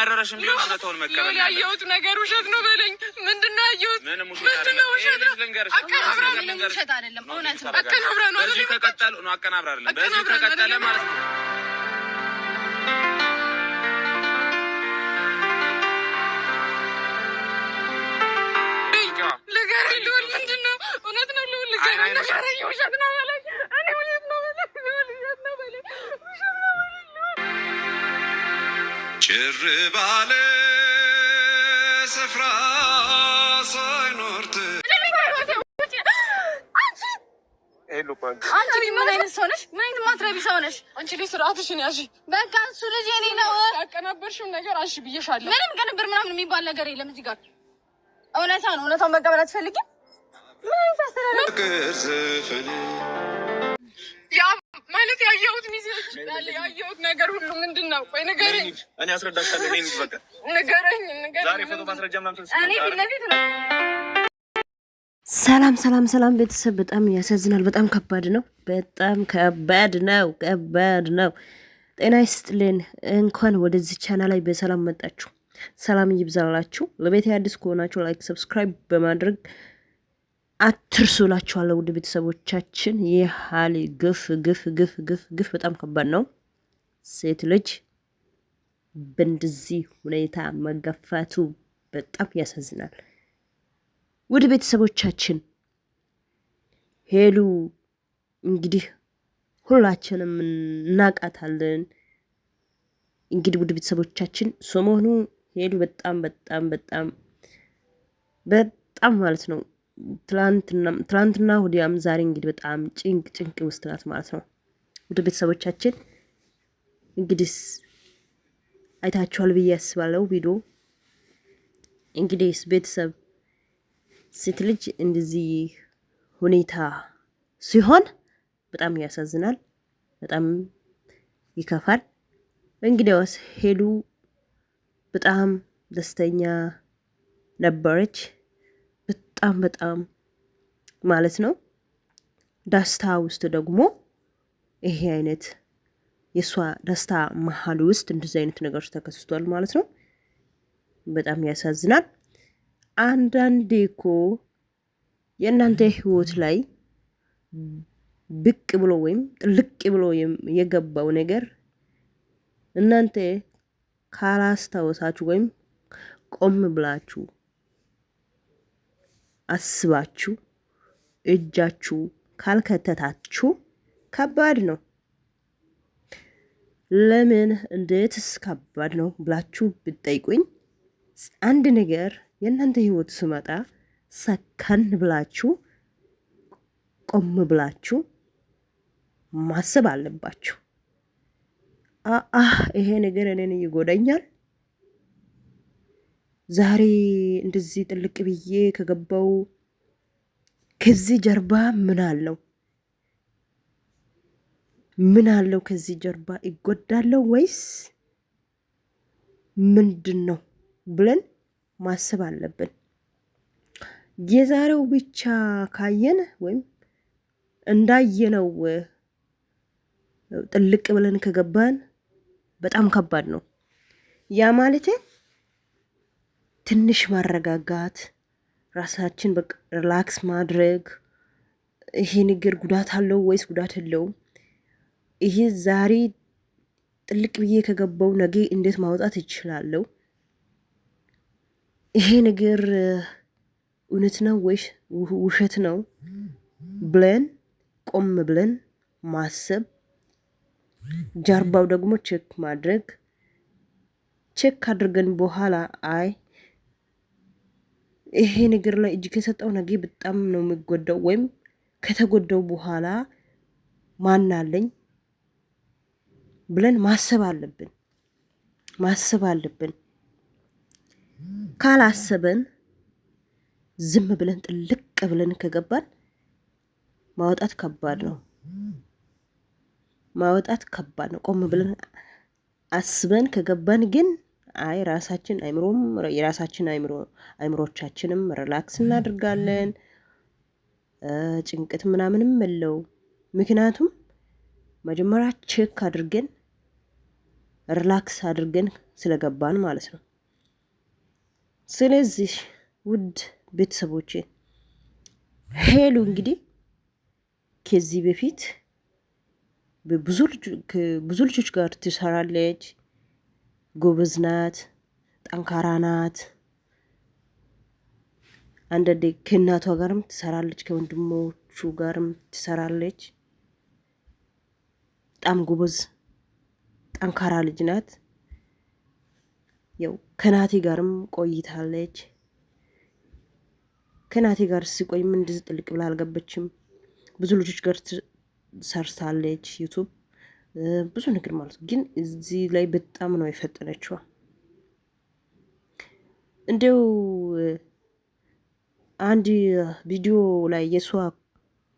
እየመረረሽ ቢሆን እውነታውን መቀበል ያየሁት ነገር ውሸት ነው በለኝ። ምንድን ነው ያየሁት? ምንድን ነው ውሸት? ነው? አቀናብራ ውሸት አይደለም፣ እውነት ነው። አቀናብራ ነው። ነው። አይደለም፣ በዚህ ተቀጠለ ማለት ነው አንቺ ምን አይነት ሰው ነሽ? ምን አይነት ማትረቢ ሰው ነሽ? አንቺ ልጅ ስርዓትሽን ያዥ። በቃ እሱ ልጅ የኔ ነው። ያቀናበርሽው ነገር አንሺ ብዬሻለሁ። ምንም ቅንብር ምናምን የሚባል ነገር የለም እዚህ ጋር። እውነታ ነው። እውነታውን መቀበል አትፈልጊም? ምን አይነት አስተላለፍ ማለት ያየሁት ሚዜዎች ያየሁት ነገር ሁሉ ምንድን ነው? ቆይ ንገረኝ። እኔ አስረዳሻለሁ። ንገረኝ። ዛሬ ፎቶ ማስረጃ ምናምን እኔ ፊት ለፊት ነው ሰላም ሰላም ሰላም ቤተሰብ፣ በጣም ያሳዝናል። በጣም ከባድ ነው። በጣም ከባድ ነው። ከባድ ነው። ጤና ይስጥልን። እንኳን ወደዚህ ቻና ላይ በሰላም መጣችሁ። ሰላም ይብዛላችሁ። ለቤት አዲስ ከሆናችሁ ላይክ፣ ሰብስክራይብ በማድረግ አትርሱላችኋለሁ። ውድ ቤተሰቦቻችን ይህ ሀል ግፍ ግፍ ግፍ ግፍ ግፍ በጣም ከባድ ነው። ሴት ልጅ በእንደዚህ ሁኔታ መገፋቱ በጣም ያሳዝናል። ውድ ቤተሰቦቻችን ሄሉ እንግዲህ ሁላችንም እናቃታለን። እንግዲህ ውድ ቤተሰቦቻችን ሰሞኑ ሄሉ በጣም በጣም በጣም በጣም ማለት ነው ትላንትና ወዲያም ዛሬ እንግዲህ በጣም ጭንቅ ጭንቅ ውስጥ ናት ማለት ነው። ውድ ቤተሰቦቻችን እንግዲህ አይታችኋል ብዬ ያስባለው ቪዲዮ እንግዲህ ቤተሰብ ሴት ልጅ እንደዚህ ሁኔታ ሲሆን በጣም ያሳዝናል፣ በጣም ይከፋል። እንግዲያውስ ሄሉ በጣም ደስተኛ ነበረች። በጣም በጣም ማለት ነው። ደስታ ውስጥ ደግሞ ይሄ አይነት የእሷ ደስታ መሀል ውስጥ እንደዚህ አይነት ነገሮች ተከስቷል ማለት ነው። በጣም ያሳዝናል። አንዳንዴ እኮ የእናንተ ህይወት ላይ ብቅ ብሎ ወይም ጥልቅ ብሎ የገባው ነገር እናንተ ካላስታወሳችሁ ወይም ቆም ብላችሁ አስባችሁ እጃችሁ ካልከተታችሁ ከባድ ነው። ለምን እንዴትስ ከባድ ነው ብላችሁ ብትጠይቁኝ አንድ ነገር የእናንተ ህይወት ስመጣ ሰከን ብላችሁ ቆም ብላችሁ ማሰብ አለባችሁ። አአ ይሄ ነገር እኔን ይጎዳኛል፣ ዛሬ እንደዚህ ጥልቅ ብዬ ከገባው ከዚህ ጀርባ ምን አለው? ምን አለው? ከዚህ ጀርባ ይጎዳለው ወይስ ምንድን ነው ብለን ማሰብ አለብን። የዛሬው ብቻ ካየን ወይም እንዳየነው ጥልቅ ብለን ከገባን በጣም ከባድ ነው። ያ ማለት ትንሽ ማረጋጋት፣ ራሳችን በቃ ሪላክስ ማድረግ ይሄ ንግር ጉዳት አለው ወይስ ጉዳት የለውም? ይሄ ዛሬ ጥልቅ ብዬ ከገባው ነገ እንዴት ማውጣት ይችላለው? ይሄ ነገር እውነት ነው ወይስ ውሸት ነው ብለን ቆም ብለን ማሰብ፣ ጀርባው ደግሞ ቼክ ማድረግ። ቼክ አድርገን በኋላ አይ ይሄ ነገር ላይ እጅ ከሰጠው ነገ በጣም ነው የሚጎዳው፣ ወይም ከተጎዳው በኋላ ማናለኝ ብለን ማሰብ አለብን ማሰብ አለብን። ካላሰበን ዝም ብለን ጥልቅ ብለን ከገባን ማውጣት ከባድ ነው። ማውጣት ከባድ ነው። ቆም ብለን አስበን ከገባን ግን አይ ራሳችን አይምሮም የራሳችን አይምሮ አይምሮቻችንም ሪላክስ እናድርጋለን። ጭንቀት ምናምንም የለው። ምክንያቱም መጀመሪያ ቼክ አድርገን ሪላክስ አድርገን ስለገባን ማለት ነው። ስለዚህ ውድ ቤተሰቦቼ ሄሉ እንግዲህ ከዚህ በፊት ብዙ ልጆች ጋር ትሰራለች። ጎበዝ ናት፣ ጠንካራ ናት። አንዳንዴ ከእናቷ ጋርም ትሰራለች፣ ከወንድሞቹ ጋርም ትሰራለች። በጣም ጎበዝ ጠንካራ ልጅ ናት። ያው ከናቴ ጋርም ቆይታለች። ከናቴ ጋር ሲቆይም እንደዚህ ጥልቅ ብላ አልገበችም። ብዙ ልጆች ጋር ሰርታለች ዩቱብ ብዙ ነገር ማለት ግን እዚህ ላይ በጣም ነው የፈጠነችዋ። እንደው አንድ ቪዲዮ ላይ የእሷ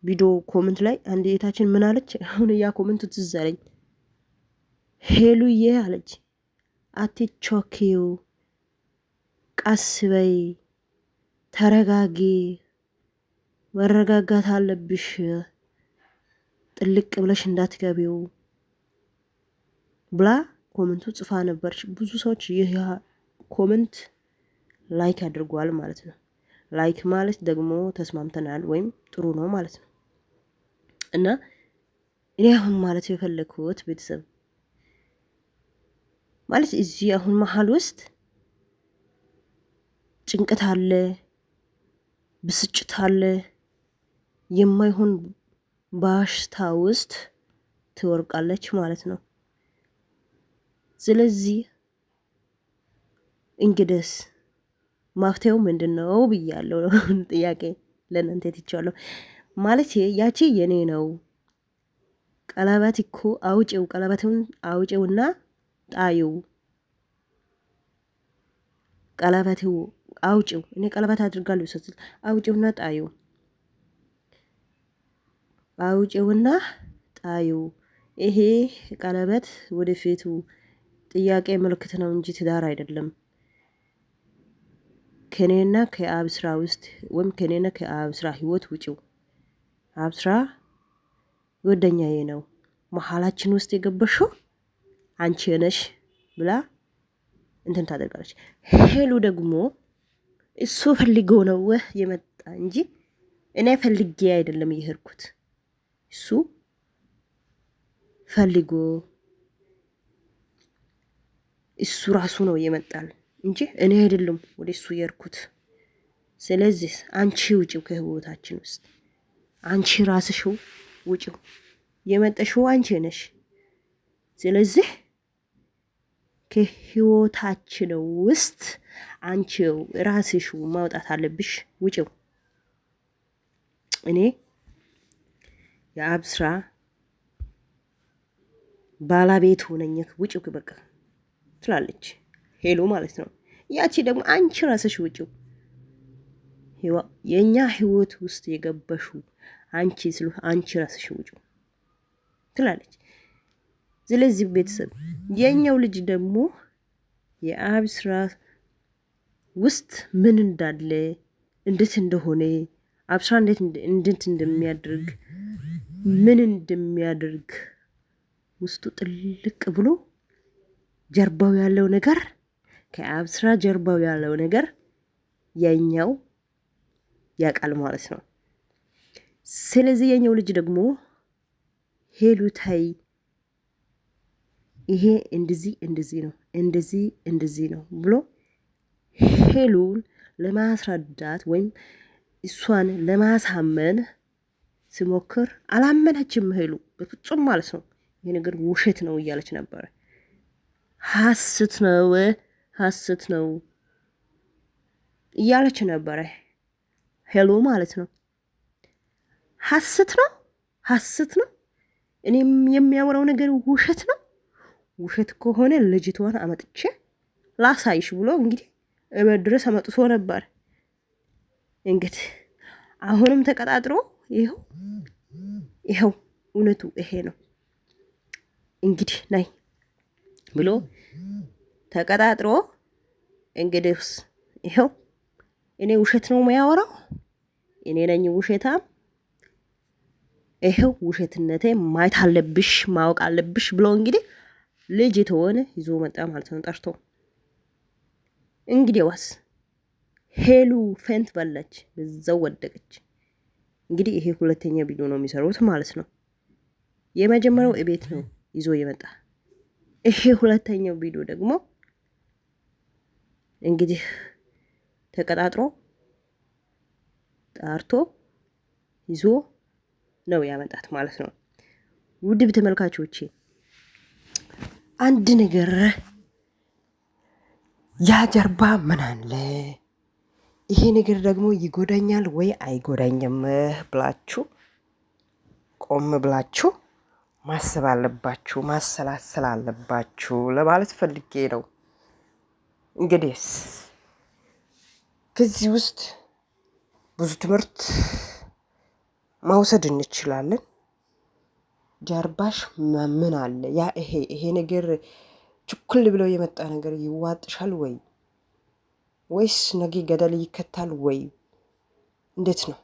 ቪዲዮ ኮመንት ላይ አንድ የታችን ምን አለች? አሁን ያ ኮመንቱ ትዝ አለኝ። ሄሉዬ አለች አትቾኪው፣ ቀስ በይ፣ ተረጋጊ፣ መረጋጋት አለብሽ፣ ጥልቅ ብለሽ እንዳትገቢው ብላ ኮመንቱ ጽፋ ነበረች። ብዙ ሰዎች ይህ ኮመንት ላይክ አድርጓል ማለት ነው። ላይክ ማለት ደግሞ ተስማምተናል ወይም ጥሩ ነው ማለት ነው። እና እኔ አሁን ማለት የፈለግኩት ቤተሰብ ማለት እዚህ አሁን መሀል ውስጥ ጭንቀት አለ፣ ብስጭት አለ። የማይሆን በሽታ ውስጥ ትወርቃለች ማለት ነው። ስለዚህ እንግደስ ማፍትሄው ምንድን ነው ብያለሁ። ጥያቄ ለእናንተ ትቼዋለሁ። ማለት ያቺ የኔ ነው ቀለበት እኮ አውጪው፣ ቀለበትን አውጪውና ጣዩ ቀለበትው አውጪው። እኔ ቀለበት አድርጋለሁ ስትል አውጪውና ጣዩ፣ አውጪውና ጣዩ። ይሄ ቀለበት ወደፊቱ ጥያቄ ምልክት ነው እንጂ ትዳር አይደለም። ከኔና ከአብስራ ውስጥ ወይም ከኔና ከአብስራ ህይወት ውጪው። አብስራ ወደኛዬ ነው መሀላችን ውስጥ የገበሽው አንቺ ነሽ ብላ እንትን ታደርጋለች። ሄሉ ደግሞ እሱ ፈልጎ ነው የመጣ እንጂ እኔ ፈልጌ አይደለም እየሄድኩት እሱ ፈልጎ እሱ ራሱ ነው የመጣል እንጂ እኔ አይደለም ወደ እሱ የሄድኩት። ስለዚህ አንቺ ውጭው ከህይወታችን ውስጥ አንቺ ራስሽው ውጭው የመጠሽው አንቺ ነሽ። ስለዚህ ከህይወታችን ውስጥ አንቺው ራስሽ ማውጣት አለብሽ። ውጭው እኔ የአብስራ ባላቤት ባለቤት ሆነኝክ ውጭው በቃ ትላለች ሄሎ ማለት ነው። ያቺ ደግሞ አንቺ ራስሽ ውጭው የእኛ ህይወት ውስጥ የገበሹ አንቺ ስሉ አንቺ ራስሽ ውጭው ትላለች። ስለዚህ ቤተሰብ የኛው ልጅ ደግሞ የአብ ስራ ውስጥ ምን እንዳለ እንዴት እንደሆነ አብስራ እንዴት እንደሚያደርግ ምን እንደሚያደርግ ውስጡ ጥልቅ ብሎ ጀርባው ያለው ነገር ከአብስራ ጀርባው ያለው ነገር የኛው ያውቃል ማለት ነው። ስለዚህ የኛው ልጅ ደግሞ ሄሉ ታይ ይሄ እንደዚህ እንደዚህ ነው እንደዚህ እንደዚህ ነው ብሎ ሄሉን ለማስረዳት ወይም እሷን ለማሳመን ሲሞክር አላመነችም። ሄሉ በፍጹም ማለት ነው። ይሄ ነገር ውሸት ነው እያለች ነበረ። ሀስት ነው ሀስት ነው እያለች ነበረ ሄሉ ማለት ነው። ሀስት ነው ሀስት ነው እኔም የሚያወራው ነገር ውሸት ነው ውሸት ከሆነ ልጅቷን አመጥቼ ላሳይሽ ብሎ እንግዲህ እቤት ድረስ አመጥቶ ነበር። እንግዲህ አሁንም ተቀጣጥሮ ይኸው ይኸው እውነቱ ይሄ ነው እንግዲህ ናይ ብሎ ተቀጣጥሮ እንግዲህስ ይኸው እኔ ውሸት ነው የሚያወራው፣ እኔ ነኝ ውሸታም። ይኸው ውሸትነቴ ማየት አለብሽ ማወቅ አለብሽ ብሎ እንግዲህ ልጅ የተሆነ ይዞ መጣ ማለት ነው ጠርቶ። ዋስ ሄሉ ፌንት በላች፣ በዛው ወደቀች። እንግዲህ ይሄ ሁለተኛ ቪዲዮ ነው የሚሰሩት ማለት ነው። የመጀመሪያው እቤት ነው ይዞ የመጣ ይሄ ሁለተኛው ቪዲዮ ደግሞ እንግዲህ ተቀጣጥሮ ጣርቶ ይዞ ነው ያመጣት ማለት ነው። ውድብ ተመልካቾቼ አንድ ነገር ያ ጀርባ ምን አለ፣ ይሄ ነገር ደግሞ ይጎዳኛል ወይ አይጎዳኝም ብላችሁ ቆም ብላችሁ ማሰብ አለባችሁ፣ ማሰላሰል አለባችሁ ለማለት ፈልጌ ነው። እንግዲህስ ከዚህ ውስጥ ብዙ ትምህርት መውሰድ እንችላለን። ጀርባሽ ምን አለ? ያ ይሄ ይሄ ነገር ችኩል ብለው የመጣ ነገር ይዋጥሻል ወይ? ወይስ ነገ ገደል ይከታል ወይ? እንዴት ነው?